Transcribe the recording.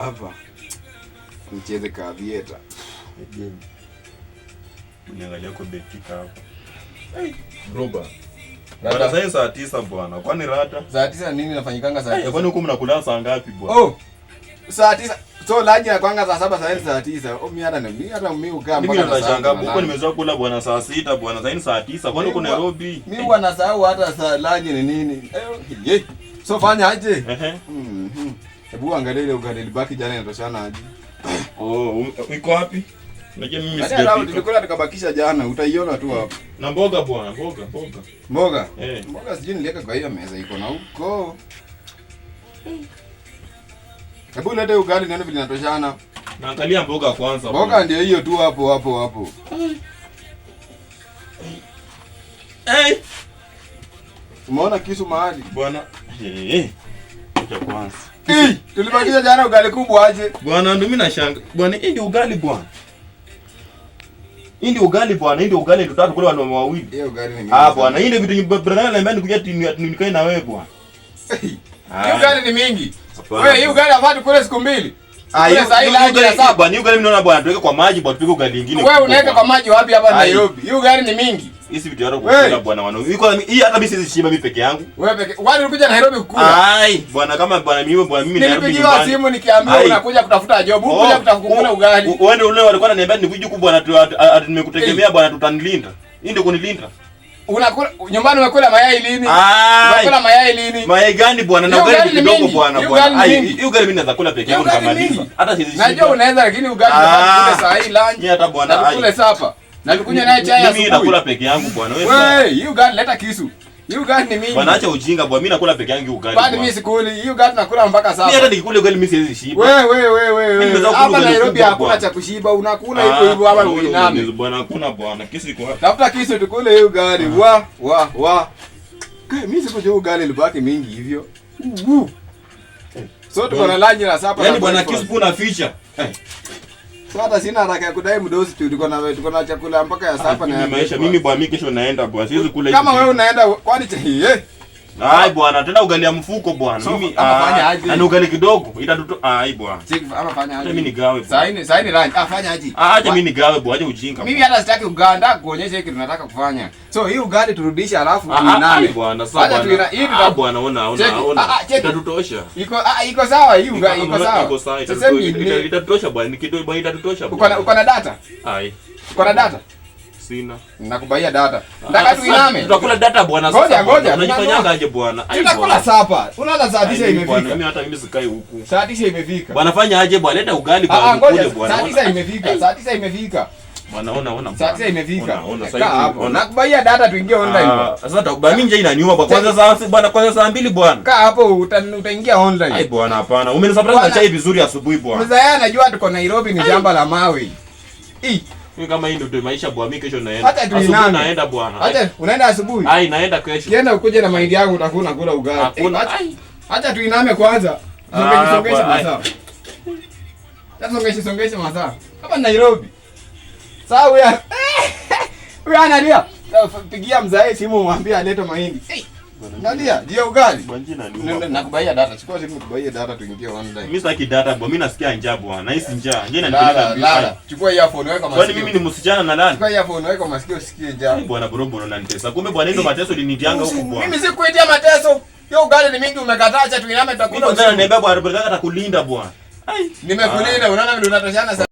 hapa nicheze ka theater niangalia kwa dakika hapa Hey, roba Bwana sasa saa tisa bwana. Kwani rata? Saa tisa nini nafanyikanga saa eh, tisa? Hey, Kwani huko mnakula saa ngapi bwana? Oh. Saa tisa. So laji na kwanga saa saba saa saa tisa. Oh, mi hata na mi hata mi uka mpaka saa nashanga Huko nimezoa kula bwana saa sita bwana. Sasa saa tisa. Kwani huko Nairobi? Mimi huwa nasahau hata saa laji ni nini. Eh. So fanya aje? Ehe. Mm. Hebu angalia ile ugali libaki jana inatoshana aje? Oh, iko wapi? Unajua mimi sijui. Hata Ndio nilikula nikabakisha jana, utaiona tu hapo. Na mboga bwana, mboga, mboga. Mboga? Eh. Mboga sijui niliweka kwa hiyo meza iko na huko. Hebu leta ugali nione vile inatoshana. Naangalia mboga kwanza. Mboga ndio hiyo tu hapo hapo hapo. Eh. Umeona kisu mahali? Bwana. Eh. eh cha kwanza. Eh, tulibakiza jana ugali kubwa aje. Bwana ndio mimi nashanga. Bwana hii ndio ugali bwana. Hii ndio ugali bwana, hii ndio ugali ndio tatu kule wanaume wawili. Hiyo ugali ni Ah bwana, hii ndio vitu brother ananiambia nikuja nikae na wewe bwana. Hii ah. ugali ni mingi. Wewe hii ugali hapati kule siku mbili. Ah, hiyo ugali mimi naona bwana tuweke kwa maji bwana ugali nyingine. Wewe unaweka kwa maji wapi hapa Nairobi? ugali ni mingi hizi vitu yako kukula bwana wanao. Iko hii hata mimi siwezi shimba mimi peke yangu. Wewe peke. Wewe unakuja Nairobi kukula. Ai, bwana kama bwana mimi bwana mimi Nairobi nyumbani. Nilipigiwa simu nikiambiwa unakuja kutafuta job, oh, unakuja kutafuta ugali. Wewe ndio ule walikuwa wananiambia nikuje huku bwana nimekutegemea bwana tutanilinda. Hii ndio kunilinda. Unakula nyumbani umekula mayai lini? Unakula mayai lini? Mayai gani bwana? Na ugali kidogo bwana bwana. Ai, ugali mimi naweza kula peke yangu nikamaliza. Hata siwezi. Najua unaweza lakini ugali ah. unakula saa hii lunch. hata bwana. Unakula sapa. Na tukunywa naye chai asubuhi. Mimi nakula peke yangu bwana wewe. Wewe, hiyo gani leta kisu. You got ni mimi. Bwana acha ujinga bwana, mimi nakula peke yangu ugali. Bwana mimi sikuli. you got nakula mpaka sasa. Mimi hata nikikula ugali mimi siwezi shiba. Wewe wewe wewe wewe. Mimi Hapa Nairobi hakuna cha kushiba, unakula ah, hivyo hivyo hapa ni nani? Bwana hakuna bwana. Kisu iko hapa. Tafuta kisu tukule hiyo ugali. Ah. Wa wa wa. Kae Mimi sikujua ugali libaki mingi hivyo. So tuko yaani- na lanyi na sapa. Yaani bwana kisu kuna ficha. So hata sina haraka ya kudai mdosi tu, tuko na tuko na chakula mpaka ya sapa ah, na maisha. Mimi bwana, mimi kesho naenda bwana, siwezi kula. Kama wewe unaenda kwani eh Ai bwana, tena ugali ya mfuko bwana. So, mimi afanya ah, aje? Na ugali kidogo Ita itatuto. Ai bwana. Sik ama fanya aje? Mimi ni gawe. Saini saini lunch. Ah fanya aje? Ah aje mimi ni gawe bwana, aje ujinga. Mimi hata sitaki Uganda kuonyesha hiki tunataka kufanya. So hii ugali turudishe alafu tuinane. Ah, ah bwana, sawa bwana. Tuina hii tuta ah, bwana, ona ona ona. Itatutosha. Iko ah iko sawa hii ugali iko sawa. Iko sawa. Itatutosha bwana, ni kidogo bwana itatutosha bwana. Uko na data? Ai. Uko na data? sina. Nakubaia data. Nataka tuiname. Tutakula data bwana. Ngoja ngoja. Unajifanyaga aje bwana? Tutakula sapa. Unaanza saa 9 imefika. Bwana mimi hata mimi sikai huku. Saa 9 imefika. Bwana fanya aje bwana? Leta ugali kwa ah, ah, kule bwana. Saa 9 imefika. Saa 9 imefika. Bwana ona ona. Saa 9 imefika. Ah, sasa hapo. Nakubaia data tuingie online. Sasa tutakubali mimi nje inaniuma kwa kwanza saa bwana kwanza saa 2 bwana. Kaa hapo utaingia online. Ai bwana hapana. Umenisurprise na chai vizuri asubuhi bwana. Mzee anajua tuko Nairobi ni jambo la mawe. Eh. Hivi kama hii ndio maisha bwa, mimi kesho naenda. Hata asubuhi naenda bwana. Hata unaenda asubuhi? Ai, naenda kesho. Kienda ukuje na mahindi yangu utakuwa kula ugali. Hakuna. Hata tu iname kwanza. Songesha ah, masaa. Sasa songesha songesha masaa. Kama Nairobi. Sawa huyu. Huyu analia. Pigia mzae simu mwambie alete mahindi. Hey. Nalia, dia ugali. Nakubaia data. Chukua simu kubaia data tuingie online. Mimi sitaki data bwana, mimi nasikia njaa bwana. Nahisi njaa. Njaa inanipeleka bila. Chukua earphone weka masikio. Kwani mimi ni msichana na nani? Chukua earphone weka masikio usikie njaa. Bwana Borobo unanitesa. Kumbe bwana ndio mateso linitianga huko bwana. Mimi sikuitia mateso. Hiyo ugali ni mingi umekataa cha tuiname tutakula. Mimi ndio naiba bwana, bwana atakulinda bwana. Nimekulinda, unaona vile unatoshana